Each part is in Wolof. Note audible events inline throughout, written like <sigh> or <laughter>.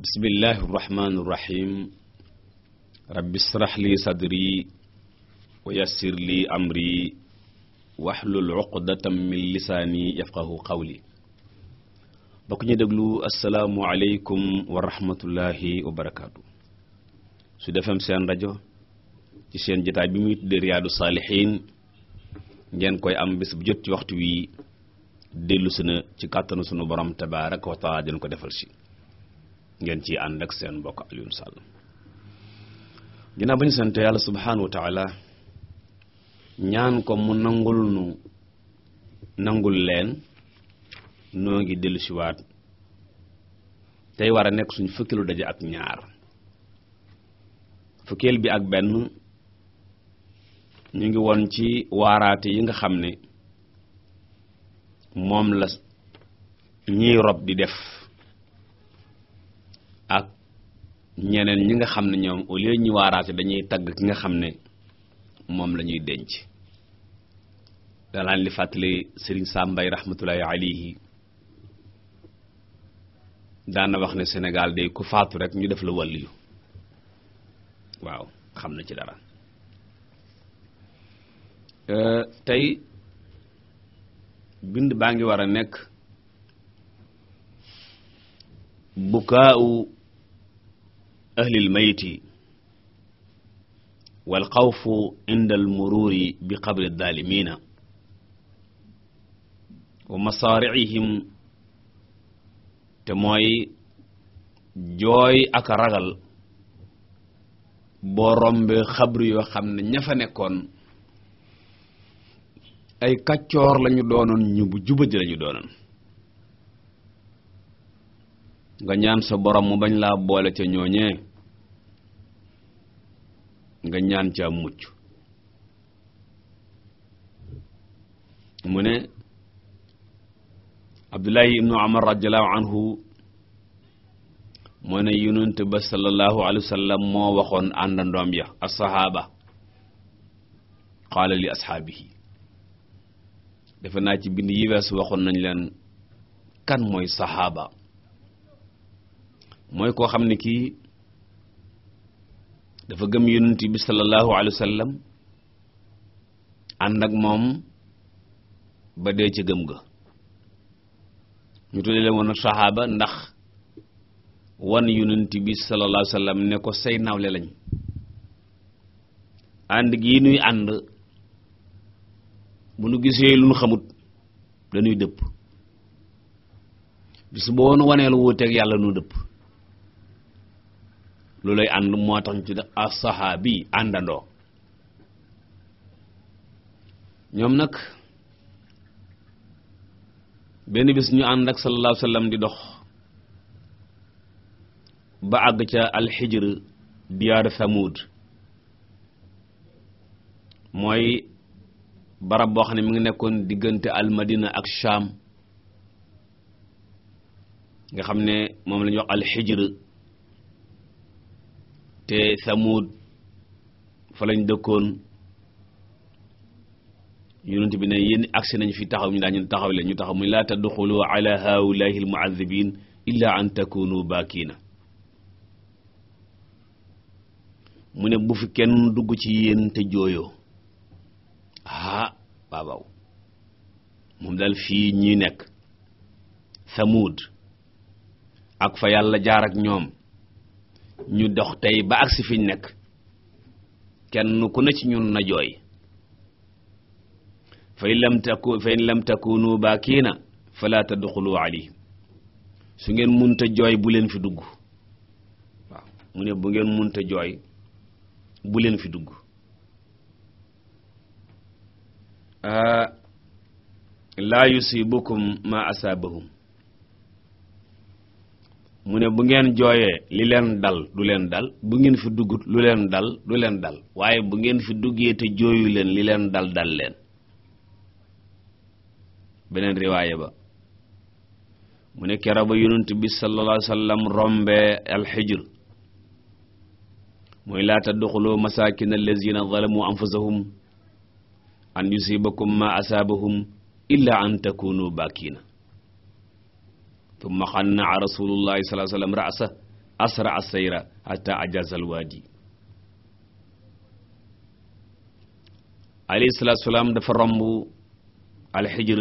bismillahi irrahmani irrahim rabbi israh li sadri wa yassir li amri waxlul uqdatam min lisaani yafqahu qawli bokk ñu déglu asalaamu aleykum wa rahmatullahi su defem seen rajo ci seen jotaay bi muy tuddee riyaadu saalihiin ngeen koy am bés bu jot ci waxtu wi dellu si na ci kàttanu sunu borom tabaaraka wa taala dina ko defal si ngeen ci ànd ak seen mbokk Alioune Sall ginnaaw ba ñu sant yàlla subhaanahu wa taala ñaan ko mu nangul nu nangul leen noo ngi dellusiwaat siwaat tey war a nekk suñ fukkeelu daje ak ñaar fukkeel bi ak benn ñu ngi woon ci waaraate yi nga xam ne moom la ñiy rob di def ñeneen ñi nga xam ne ñoom au lieu ñu waaraase dañuy tagg ki nga xam ne moom la ñuy denc danaan li fàttali Serigne Sambay rahmatullahi alayhi daana wax ne Sénégal de ku faatu rek ñu def la wàlliyu waaw xam na ci dara euh, tey bind baa ngi war a nekk bukaau ahlil mayiti wal xawfu inda al mururi bi xabri daalimina wa masaariihim te mooy jooy ak ragal boo rombee xabru yoo xam ne ña fa nekkoon ay kàccoor lañu doonoon ñu bu jubadi lañu doonoon nga ñaan sa borom mu bañ laa boole ca ñooñee nga ñaan ca mucc mu ne abdullahi ibnu amar radiallahu anhu moo ne yonent ba sallallahu alayhi wa moo waxoon àndandoom ya saxaaba qaala li ashaabihi defe naa ci bind yi waxoon nañ leen kan mooy saxaaba mooy koo xam ne kii dafa gëm yonent bi sallallahu alayhi wa sallam ànd ak moom ba dee ca gëm ga ñu tuddee leen woon saxaaba ndax wan yonent bi sallallahu alayhi wa sallam ne ko say nawle lañ ànd gii nuy ànd bu nu gisee lu nu xamut dañuy dëpp bis boo nu wanee lu wuuteeg yàlla nu dëpp loolay ànd moo tax ñu ci as-sahaabi àndandoo ñoom nag benn bis ñu ànd ak sallallahu alayhi di dox ba àgg ca alxijr diyaaru Thamud mooy barab boo xam ne mi ngi nekkoon diggante almadina ak Sham nga xam ne moom la wax alxijr te Samuud fa lañ dëkkoon yonent bi ne yéen agsi nañ fi taxaw ñu daa ñun taxaw leen ñu taxaw mu laa tadxulu ala haulahi almuazibin illa an takunu bakiina mu ne bu fi kenn dugg ci yéen te jooyoo ah waaw moom daal fii ñuy nekk Samuud ak fa yàlla jaar ak ñoom ñu dox tey ba agsi fiñ nekk kenn ku ne ci ñun na jooy fa in lam taku fa in lam takunu baakiina fala tadxulu alayhim su ngeen munta jooy bu fi dugg waaw mu ne bu ngeen munta jooy bu leen fi dugg ah, laa yusibukum ma asaabahum mu ne bu ngeen jooyee li leen dal du leen dal bu ngeen fi duggut lu leen dal du leen dal waaye bu ngeen fi duggee te jooyu leen li leen dal dal leen beneen riwaaya ba mu ne kera ba yonent bi sallallahu alayhi wa sallam rombee alxijr mooy laa tadxulu masaakin allazina zalamu anfusahum an yusibakum ma asaabahum illa an takunu bakiina tumma xannaa rasulullahi sallallahu alayhi wasallam asra sayra hatta ajaza alwaadi alayhi salaatu salaam dafa romb alxijr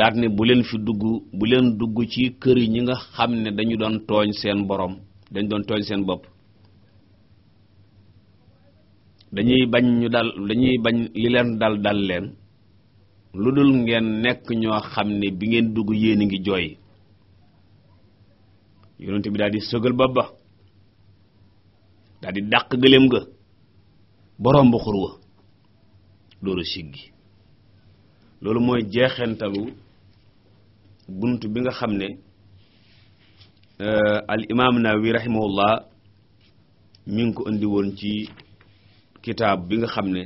daat ne bu leen fi dugg bu dugg ci kër yi ñi nga xam ne dañu doon tooñ seen borom dañu doon tooñ seen bopp dañuy bañ ñu dal dañuy bañ li leen dal dal leen lu dul ngeen nekk ñoo xam ne bi ngeen dugg yéen a ngi jooy yonent bi daal di sëgal bopp ba daldi di dàq gëléem ga borom ba xur wa loolu siggi loolu mooy jeexentalu bunt bi nga xam ne euh, al imaam Nawawi rahimahullah mi ngi ko indi woon ci kitaab bi nga xam ne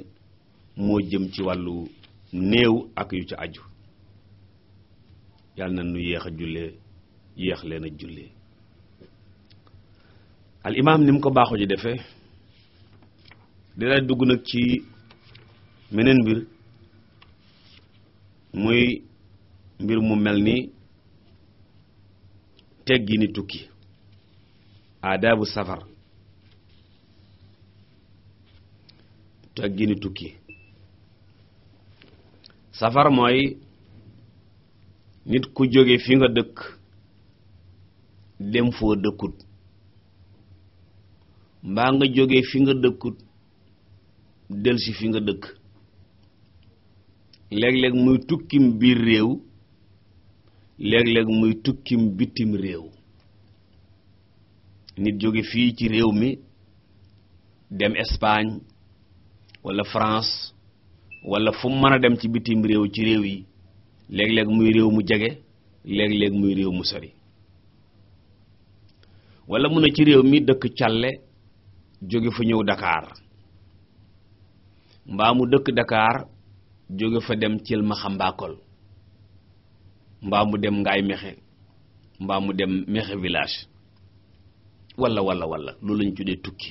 moo jëm ci wàllu néew ak yu ci aju yàlla na nu yéex a julle yéex leen a jullee al imaam ni mu ko baaxoo ji defe dina dugg nag ci meneen mbir muy mbir mu mel ni teggi ni tukki aadaabu safar teggi ni tukki safar mooy nit ku jóge fi nga dëkk dem foo dëkkut mbaa nga jóge fi nga dëkkut delsi fi nga dëkk léeg-léeg muy tukkim biir réew léeg-léeg muy tukkim bitim réew nit jóge fii ci réew mi dem Espagne walla France wala fu mën a dem ci bitim réew ci réew yi léeg-léeg muy réew mu jege léeg-léeg muy réew mu sori wala mu ne ci réew mi dëkk càlle jóge fa ñëw Dakar mbaa mu dëkk dakaar jóge fa dem cil ma xambaakol mbaa mu dem ngay mexe mbaa mu dem mexe village walla walla walla loolu lañu tuddee tukki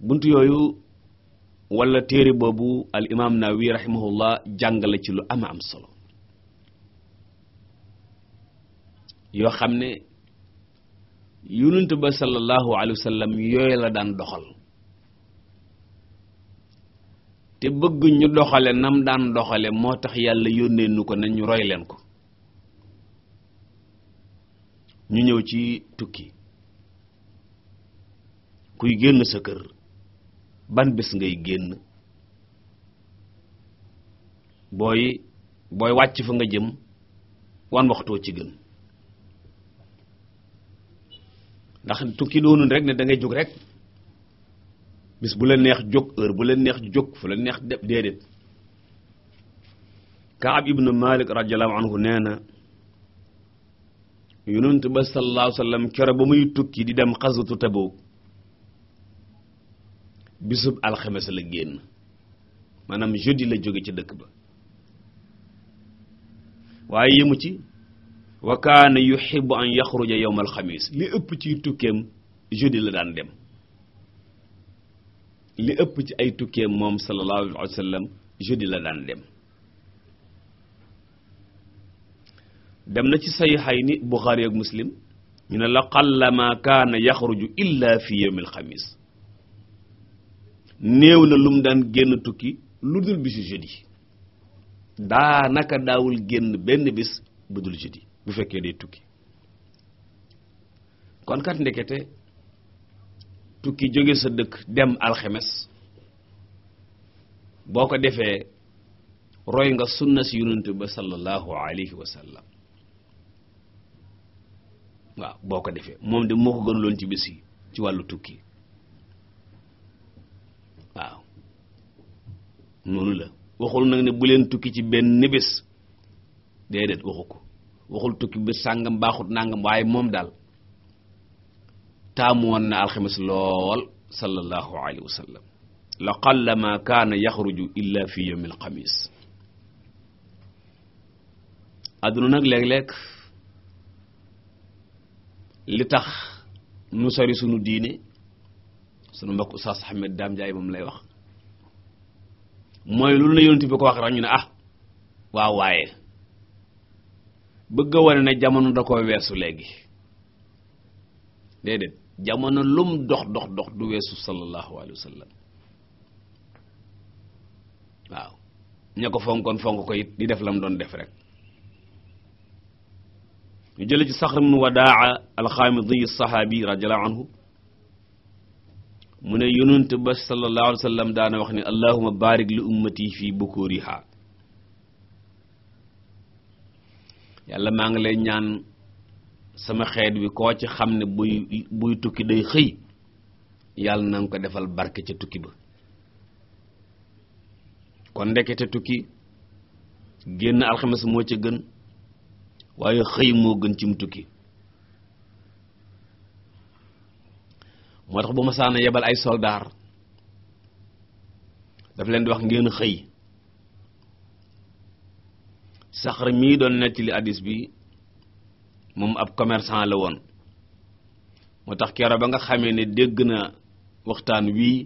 bunt yooyu wala téere boobu al imaam Nawawi rahimahullah jàngale ci lu ama am solo yoo xam ne yonent ba sallallahu alayhi wa yooyu la daan doxal te bëgg ñu doxale nam daan doxale moo tax yàlla yónnee nu ko nañu roy leen ko ñu ñëw ci tukki kuy génn sa kër ban bés ngay génn booy booy wàcc fa nga jëm wan waxtoo ci gën ndax tukki doonul rek ne da ngay jóg rek bis bu la neex jóg heure bu la neex jóg fu la neex def déedéet Kaab ibnu Malik radiyallahu anhu nee na yonent ba sallallahu alayhi wasallam kero ba muy tukki di dem xasatu Tabuk bisub alxames la génn maanaam jeudi la jóge ci dëkk ba waaye yëmu ci wa kaana yuhibbu an yaxruja yawmal xamis li ëpp ci tukkeem jeudi la daan dem li ëpp ci ay tukkeem moom sallallahu alayhi wa sallam jeudi la daan dem dem na ci xay saxiixayni Buxaari ak Muslim ñu ne la qallama kaana yaxruju illa fi yawmil xamis néew na lu mu daan génn tukki lu dul bisu jeudi daa naka daawul génn benn bis bu dul jeudi bu fekkee day tukki kon kat ndekete tukki jóge sa dëkk dem alxemes boo ko defee roy nga sunna si yonent ba sallallahu alayhi wa waaw boo ko defee moom de moo ko gënaloon ci bis yi ci wàllu tukki waaw noonu la waxul nag ne bu leen tukki ci benn bés déedéet waxu ko waxul tukki bés sàngam baaxut nangam waaye moom daal taamu woon na alxamis lool sallallahu alayhi wa la qallama kaana yaxruju illa fi yawmi alxamis adduna nag léeg-léeg li tax nu sori sunu diine sunu mbokk Oustaz Ahmed Dame Ndiaye moom lay wax mooy loolu la yonent bi ko wax rek ñu ne ah waaw waaye bëgg a wane ne jamono da koo weesu léegi déedéet jamono lum dox dox dox du weesu sallallahu alayhi wa sallam waaw ña ko fonkoon fonk ko it di def lam doon def rek ñu jële ci sax ibn Wadaa al-Xaamidi as anhu mu ne yonent ba sallallahu alayhi wa sallam daana wax ni allahuma barik li ummati fii bukuriha yàlla maa ngi lay ñaan sama xeet bi koo ci xam ne buy buy tukki day xëy yàlla na nga ko defal barke ca tukki ba kon ndekete tukki génn alxames moo ca gën waaye xëy moo gën cim tukki moo tax bu ma saana yebal ay soldaar daf leen di wax ngeen xëy saxar mii doon nettali addis bi moom ab commerçant la woon moo tax keroog ba nga xamee ne dégg na waxtaan wii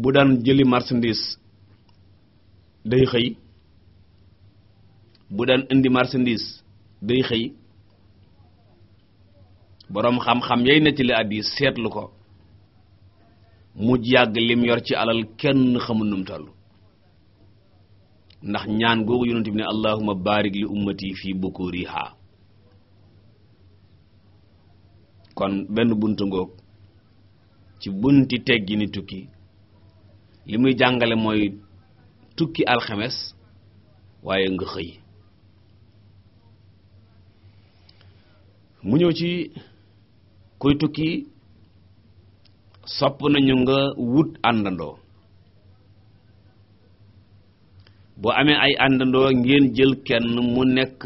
bu daan jëli marchandise day xëy bu daan indi marsandiis day xëy boroom xam-xam yay nettali hadiis seetlu ko mu yàgg lim yor ci alal kenn xamul num ndax ñaan googu yonent bi ne allahumma barik li ummati fii bukuriha kon benn buntu ngoog ci bunti teggi ni tukki li muy jàngale mooy tukki alxemes waaye nga xëy mu ñëw ci kuy tukki sopp nañu nga wut àndandoo boo amee ay àndandoo ngeen jël kenn mu nekk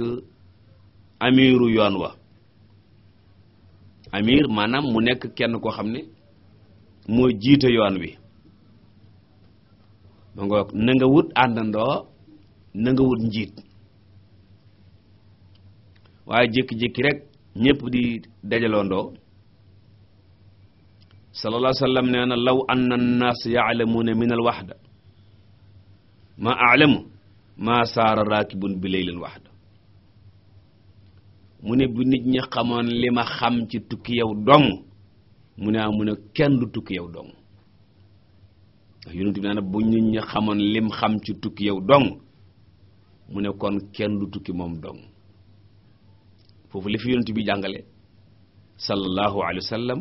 amiru yoon wa amir maanaam mu nekk kenn koo xam ne moo jiite yoon wi ma wut àndandoo na wut njiit waaye jékki-jékki rek ñépp di dajaloondoo sallallahu alayhi wa sallam nee na law anna an-naas ya'lamuuna min al-wahda ma a'lamu ma saara raakibun bi laylin wahda mu ne bu nit ñi xamoon li ma xam ci tukki yow dong mu ne ah tukki yow dong ndax yonent lim xam ci tukki yow dong mu ne kon kenn du tukki moom dong foofu li fi yonent bi jàngale sallallahu alayhi wa sallam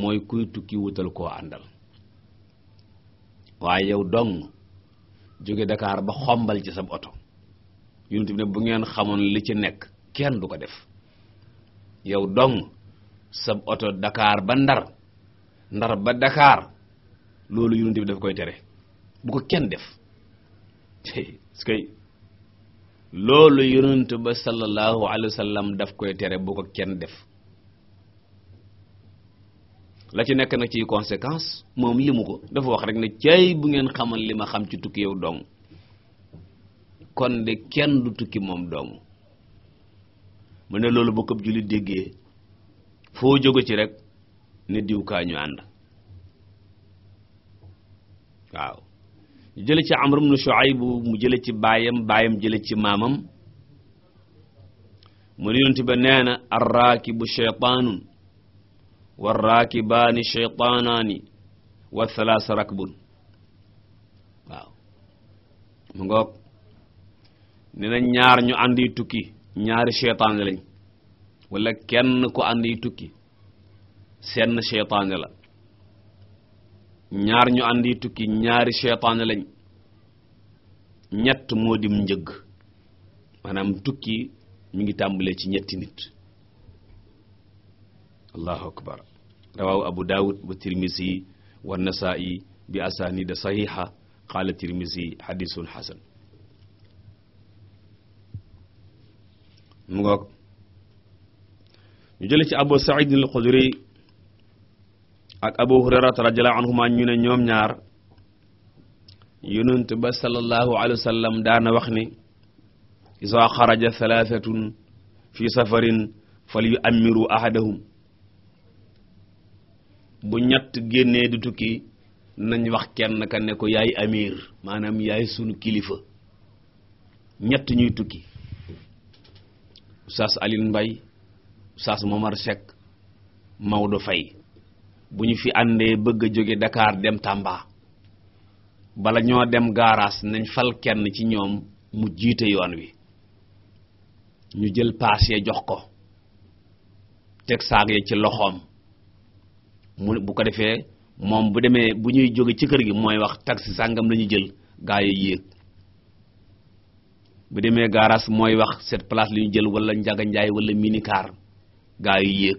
mooy kuy tukki wutal koo àndal waaye yow doŋ jóge dakaar ba xombal ci sab oto yonent bi ne bu ngeen xamoon li ci nekk kenn du ko def yow dong sab oto Dakar ba Ndar Ndar ba Dakar loolu yonent bi daf koy tere bu ko kenn def parce <laughs> que loolu yonent ba sallallahu alayhi wa sallam daf koy tere bu ko kenn def la ci nekk na ciy conséquence moom li mu ko dafa wax rek na cay bu ngeen xamal li ma xam ci tukki yow dong kon de kenn du tukki moom dong mu ne loolu bokkab jullit déggee foo jóge ci rek ne diw kaa ñu ànd waaw ñu jële ci Amr ay Shuayb mu jële ci baayam baayam jële ci maamam mu ne yonent ba nee na arraakibu shaytaanun wa raakibaani shaytaanaani wa thalaasa rakbun waaw mu ngoog ne na ñaar ñu ànd tukki ñaari sheytaane lañ wala kenn ko ànd tukki seen sheytaane la ñaar ñu ànd tukki ñaari sheytaane lañ ñett moo dim njëgg maanaam tukki mi ngi tàmbalee ci ñetti nit allahu akbar rawaahu abu daawud wa tirmisi wa nasaa'i bi asaanida saxiixa qaala tirmisi xadisun xasan mu ngoog ñu jële ci abu said al xudri ak abu hurairata radiallahu anhuma ñu ne ñoom ñaar yonent ba sallallahu alayhi wa sallam daana wax ne isa xaraja thalathatun fi safarin fal yu ammiru ahadahum bu ñett génnee du tukki nañ wax kenn ka ne ko yaay amir maanaam yaay sunu kilifa ñett ñuy tukki Oustaz Alioune Mbaye Oustaz Momar Seck Maodo fay bu ñu fi àndee bëgg a jóge Dakar dem Tamba bala ñoo dem gaaraas nañ fal kenn ci ñoom mu jiite yoon wi ñu jël paas jox ko teg saag ya ci loxoom mu bu ko defee moom bu demee bu ñuy jóge ci kër gi mooy wax taxi sàngam la ñu jël gaa yi yéeg bu demee garas mooy wax set place lañu ñu jël wala njaga njaay wala minicar gaa yi yéeg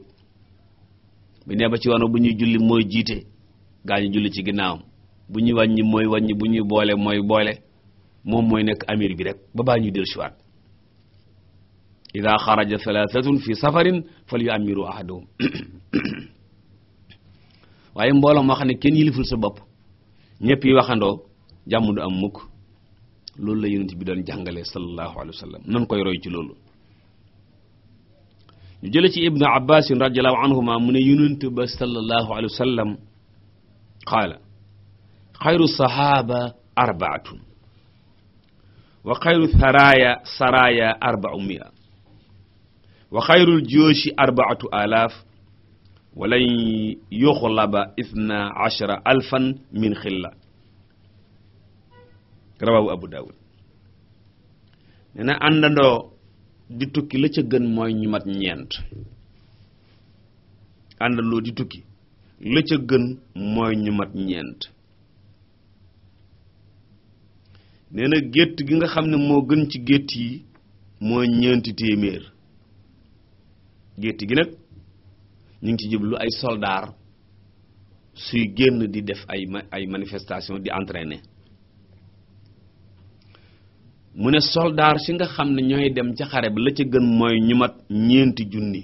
bu nee ba ci woon bu ñuy julli mooy jiite gaa ñu julli ci ginnaawam bu ñuy wàññi mooy wàññi bu ñuy boole mooy boole moom mooy nekk amir bi rek ba baa ñuy del siwaat ida xaraja thalathatun fi safarin fal yu amiru ahaduhum <coughs> waaye mbooloo moo xam ne kenn yiliful sa bopp ñëpp yi waxandoo jàmm am mukk loolu la yonent bi doon jàngale sallallahu koy roy ci loolu ñu jële ci ibnu abbas radiyallahu anhuma mu ne yonent ba sallallahu alayhi wa qaala xayru sahaaba wa xayru saraya saraya wa xayrul jooshi walan yuxlaba isna ashara alfan min xilla rawawu abu daawud nee àndandoo di tukki la ca gën mooy ñu ñeent àndandoo di tukki la ca gën mooy ñeent nee na gétt gi nga xam ne moo gën ci gétt yi mooy ñeenti téeméer gétt gi nag ñu ngi ci jublu ay soldaar suy génn di def ay ay manifestation di entraîner mu ne soldaar si nga xam ne ñooy dem ca xare bi la ca gën mooy ñu mat ñeenti junni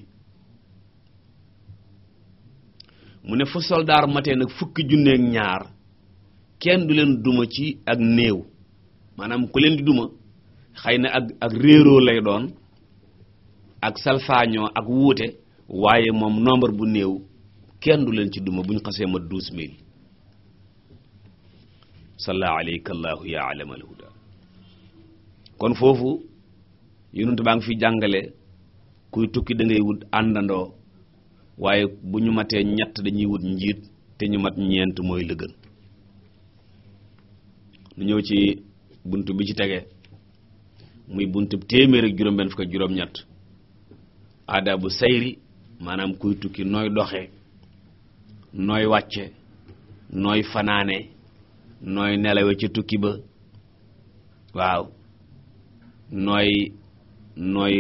mu ne fu soldaar matee nag fukki junneek ñaar kenn du leen duma ci ak néew maanaam ku leen di duma xëy na ak ak réeroo lay doon ak salfaañoo ak wuute waaye moom nombre bu néew kenn du leen ci duma bu ñu xasee ma douze mille salla alayka allahu ya alama alhuda kon foofu yonent baa ngi fi jàngale kuy tukki dangay ngay wut àndandoo waaye bu ñu matee ñett dañuy wut njiit te ñu mat ñeent mooy lëgën nu ñëw ci bunt bi ci tege muy bunt téeméer ak juróom benn fukk juróom-ñett aadabu sayri maanaam kuy tukki nooy doxe nooy wàcce nooy fanaane nooy nelawe ca tukki ba waaw nooy nooy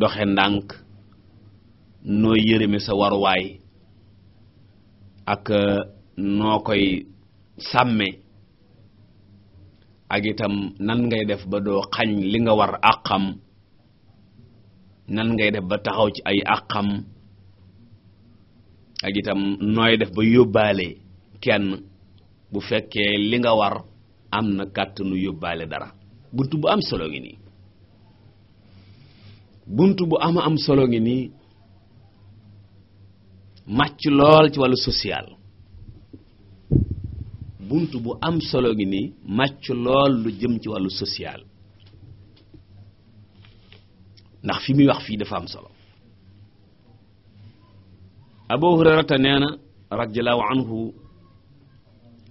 doxe ndànk nooy yërëme sa waruwaay ak euh, noo koy sàmme ak itam nan ngay def ba doo xañ li nga war àqam nan ngay def ba taxaw ci ay àqam ak itam nooy def ba yóbbaale kenn bu fekkee li nga war am na kàttanu yóbbaale dara bunt bu am solo ngi nii bunt bu ama am solo ngi nii màcc lool ci wàllu social bunt bu am solo ngi nii màcc lool lu jëm ci wàllu social ndax fi muy wax fii dafa am solo abu hurairata nee na radiallahu anhu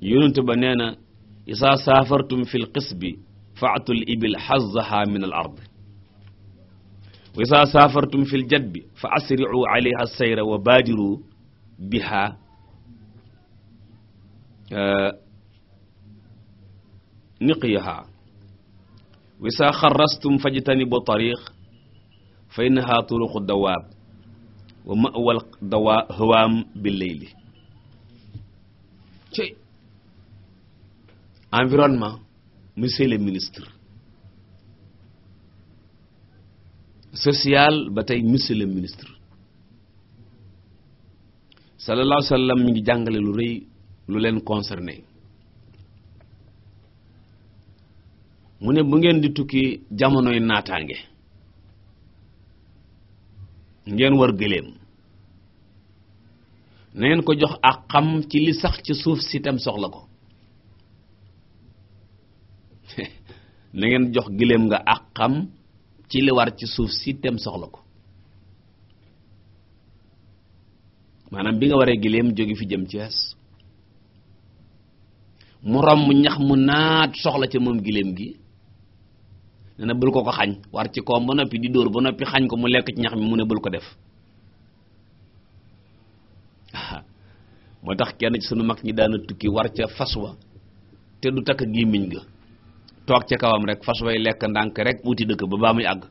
yonent ba nee na isaa saafartum fi l qisbi faatul ibil xazzaha min al ard wa isaa saafartum fi l jadbi fa asricu alayha sayra wa baadiru biha niqiyaha wa isaa xarrastum fajtanibu tariq fa innaha turuqu dawaab wa mawal dawa hawaam bi leyli ci environnement monsieur le ministre social ba tey monsieur le ministre sallallahu alayhi wa sallam mi ngi jàngale lu rëy lu leen concerné mu ne bu ngeen di tukki jamonoy naataange ngeen war giléem na ngeen ko jox ak xam ci li sax ci suuf si tam soxla ko <laughs> na ngeen jox giléem nga ak xam ci li war ci suuf si tam soxla ko maanaam bi nga waree giléem jóge fi jëm ci Cees mu romb ñax mu naat soxla ci moom giléem gi ne na bul ko ko xañ war ci koom ba noppi di dóor ba noppi xañ ko mu lekk ci ñax mi mu ne bul ko def <laughs> moo tax kenn ci sunu mag ñi daana tukki war ca fas wa te du takk gémmiñ ga toog ca kawam rek fas way lekk ndànk rek wuti dëkk ba baa muy àgg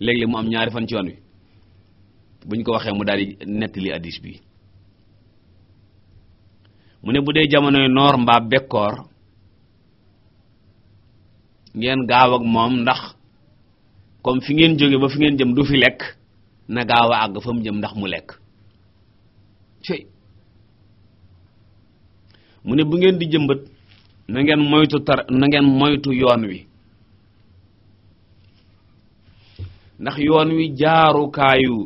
léeg-léeg mu am ñaari fan ci yoon wi buñ ko waxee mu daal di nettali hadiis bi mu ne bu dee jamonoy noor mbaa bekkoor ngeen gaaw ak moom ndax comme fi ngeen jóge ba fi ngeen jëm du fi lekk na gaaw àgg fa mu jëm ndax mu lekk mu ne bu ngeen di jëmbat na ngeen moytu tar na moytu yoon wi ndax yoon wi jaarukaayu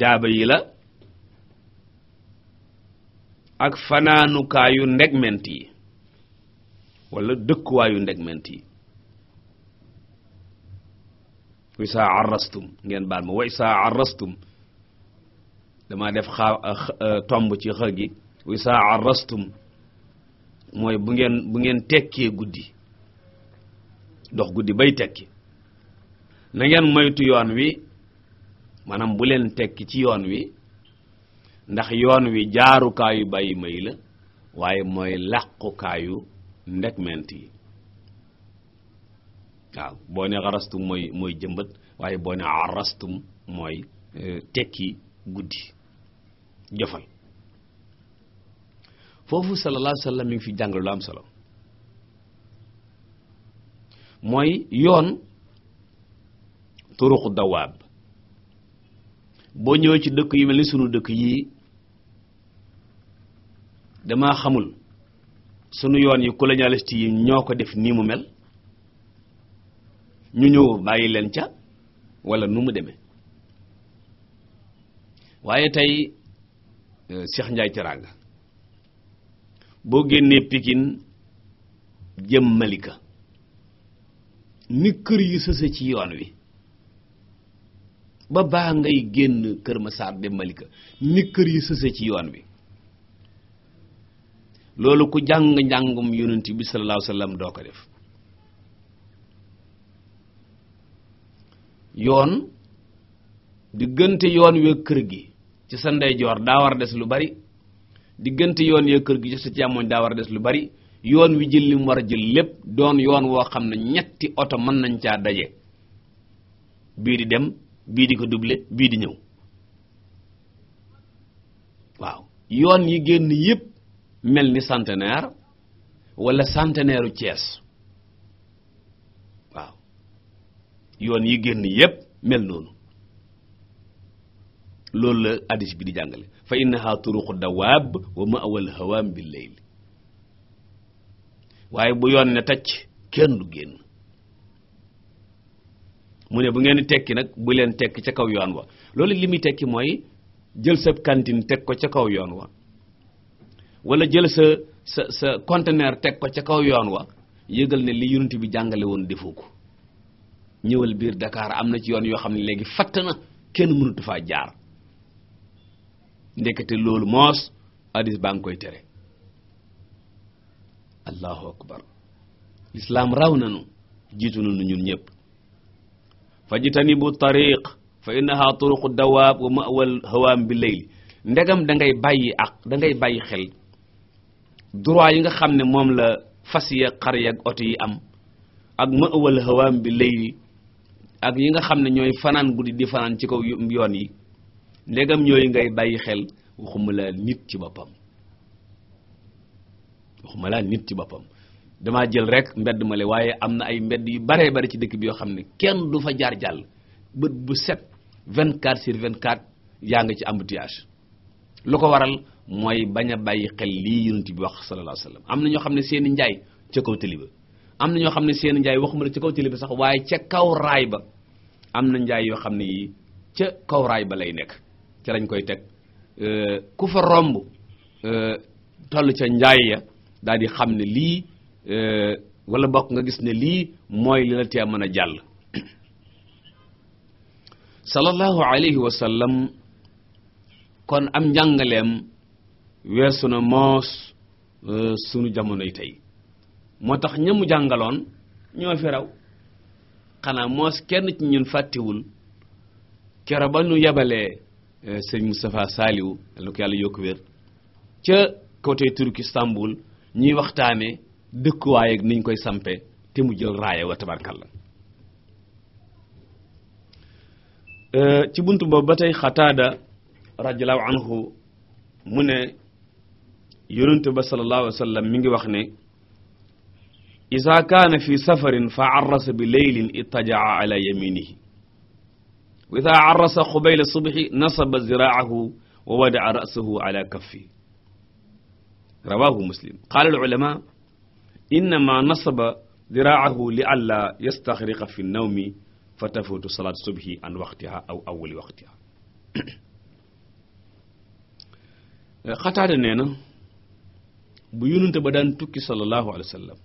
daaba yi la ak fanaanukaayu ndegment yi wala dëkkuwaayu ment yi wa isaa arrastum ngeen baal ma wa isaa arrastum dama def xaa e, tomb ci xë gi wa isaa arrastum mooy bu ngeen bu ngeen tekkee guddi dox guddi bay tekki na maytu moytu yoon wi maanaam buleen tekki ci yoon wi ndax yoon wi jaarukaayu bàyyi may la waaye mooy làqukaayu ndekment yi waaw boo ne xarastum mooy mooy jëmbat waaye boo ne arastum mooy e, tekki guddi jofal foofu sallallahu alayhi wasallam mi fi jàngale lu am solo mooy yoon turuqu dawaab boo ñëwee ci dëkk yu mel ni sunu dëkk yi damaa xamul sunu yoon yi colonialiste yi ñoo ko def nii mu mel ñu ñëw bàyyi leen ca walla nu mu deme waaye tey euh, Cheikh Ndiaye Teranga boo génnee Pikine jëm Malika ni kër yi sëse ci yoon wi ba baa ngay génn Kër Massar dem Malika ni kër yi sëse ci yoon wi loolu ku jàng njàngum yonent bi sallallahu alayhi wasallam doo ko def yoon diggante yoon wee kër gi ci sa ndeyjoor daa war des lu bari diggante yoon wee kër gi ci sa càmmoñ daa war des lu bari yoon wi jël li war a jël lépp doon yoon woo xam ne ñetti oto mën nañ caa daje bii di dem bii di ko doublé bii di ñëw waaw yoon yi génn yépp mel ni centenaire walla santeneeru cees yoon yi génn yépp mel noonu loolu la addis bi di jàngale fa innaha turuqu dawaab wa ma'wal hawaam bil layl waaye bu yoon ne tacc kenn du génn mu ne bu ngeen tekki nag bu leen tekki ca kaw yoon wa loolu li muy tekki mooy jël sa kantin teg ko ca kaw yoon wa wala jël sa sa sa conteneur teg ko ca kaw yoon wa yëgal ne li yonent bi jàngale woon defoo ko ñëwal biir dakaar am na ci yoon yoo xam ne léegi fatt na kenn mënatu faa jaar ndekete loolu moos hadis baa ngi koy tere allahu akbar lislaam raw nanu jiitu nanu ñun ñëpp fajtanibu tariq fa innaha turuqu dawaab wa ma'wal hawaam bi layl ndegam da ngay bàyyi ak da bàyyi xel droit yi nga xam ne moom la fas ya xar ya oto yi am ak ma'wal hawaam bi layli ak yi nga xam ne ñooy fanaan guddi di fanaan ci kaw yoon yi ndegam ñooyu ngay bàyyi xel waxuma laa nit ci boppam waxuma laa nit ci boppam damaa jël rek mbedd ma le waaye am na ay mbedd yu baree bari ci dëkk bi yoo xam ne kenn du fa jaar jàll bët bu set 24 sur 24 yaa nga ci embouteillage lu ko waral mooy bañ a bàyyi xel lii yonent bi wax sallallahu alayhi wasallam am na ñoo xam ne seeni njaay ca kaw tëli ba am na ñoo xam ne seeni njaay waxuma la ca kaw tëli ba sax waaye ca kaw ba am na njaay yoo xam ne yi ca kawraay ba lay nekk ca lañ koy teg euh, ku fa romb euh, toll ca njaay ya daal di xam ne lii euh, walla bokk nga gis ne lii mooy li la tee mën a jàll <clears throat> sallallahu alayhi wa sallam kon am njàngaleem weesu na moos sunu jamonoy tey moo tax ñamu jàngaloon ñoo fi raw xanaa moos kenn ci ñun fàttewul kero ba nu yebalee eh, sëñ Moustapha Saliou yal na ko yàlla yokk wér ca côté Turki Istanbul ñuy waxtaane dëkkuwaay ak niñ koy sampe te mu jël raaya wa tabarkalla eh, ci bunt boobu ba tey xataada radiyallahu anhu mu ne yonente ba sallallahu alayhi wa mi ngi wax ne isa kaana fi safarin fa arrasa bi leylin ittajaa ala yaminihi wa isa arrasa xubayla subhi nasaba ziraahu wa wadaa rasahu ala kaffi rawahu muslim qaala al ulama innama nasaba ziraahu li alla yastaxriqa fi nawmi fa tafutu salaat subhi an waqtiha aw awwali waqtiha xataada nee na bu yonente ba daan tukki sallallahu alayhi wa sallam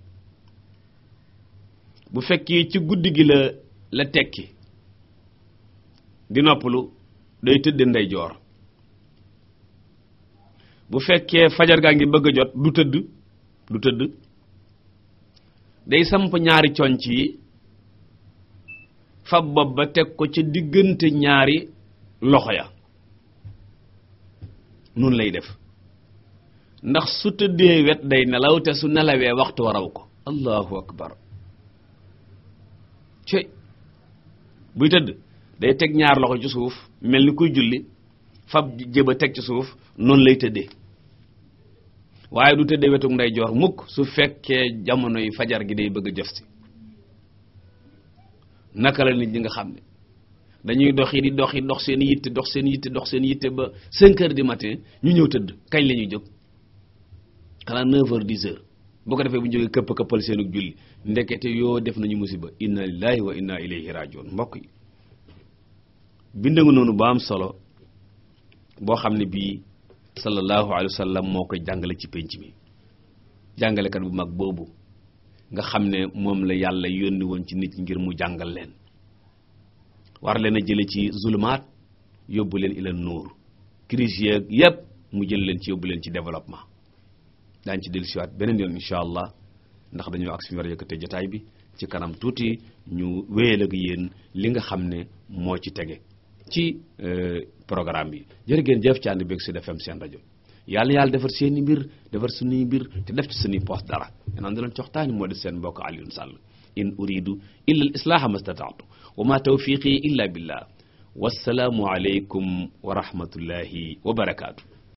bu fekkee ci guddi gi la la tekki di noppalu day tëdd ndeyjoor bu fekkee fajar gaa ngi bëgg a jot du tëdd du tëdd day samp ñaari conc yi fab bopp ba teg ko ca diggante ñaari loxo ya noonu lay def ndax su tëddee wet day nelaw te su nelawee waxtu waraw ko allahu akbar ci buy tëdd day teg ñaar loxo ci suuf mel ni kuy julli fab jéba teg ci suuf noonu lay tëdde waaye du tëddee wetuk nday joor mukk su fekkee jamono yi fajar gi day bëgg a jëf si naka la nit ñi nga xam ne dañuy dox yi di dox yi dox seen yitte dox seen yitte dox seen yitte ba 5 heures du matin ñu ñëw tëdd kañ la ñuy jóg bu ko defee bu ñu jógee këpp këppal seenug julli ndekete yoo def nañu musiba inna lillahi wa inna ilayhi rajiun mbokk yi bind nga noonu ba am solo boo xam ne bii sallallahu alayhi wa moo koy jàngale ci pénc mi jàngalekat bu mag boobu nga xam ne moom la yàlla yónni woon ci nit ngir mu jàngal leen war leen a jële ci zulumaat yóbbu leen ila nuur crise yeeg yépp mu jël leen ci yóbbu leen ci développement daañu ci dellusiwaat beneen yoon incha allah ndax dañoo ak suñu war a jotaay bi ci kanam tuuti ñu wéyal ak yéen li nga xam ne moo ci tege ci euh, programme bi jërë ngeen jëf ci ànd beeg Sud am seen rajo yàlla yàlla defar seen i mbir defar suñuy mbir te def ci suñuy poste dara yanaan da leen coxtaani moo def seen mbokk Alioune Sall in uridu illa al islaha mastataatu wa ma tawfiqi illa billah wassalaamu aleykum wa rahmatullahi wa barakaatu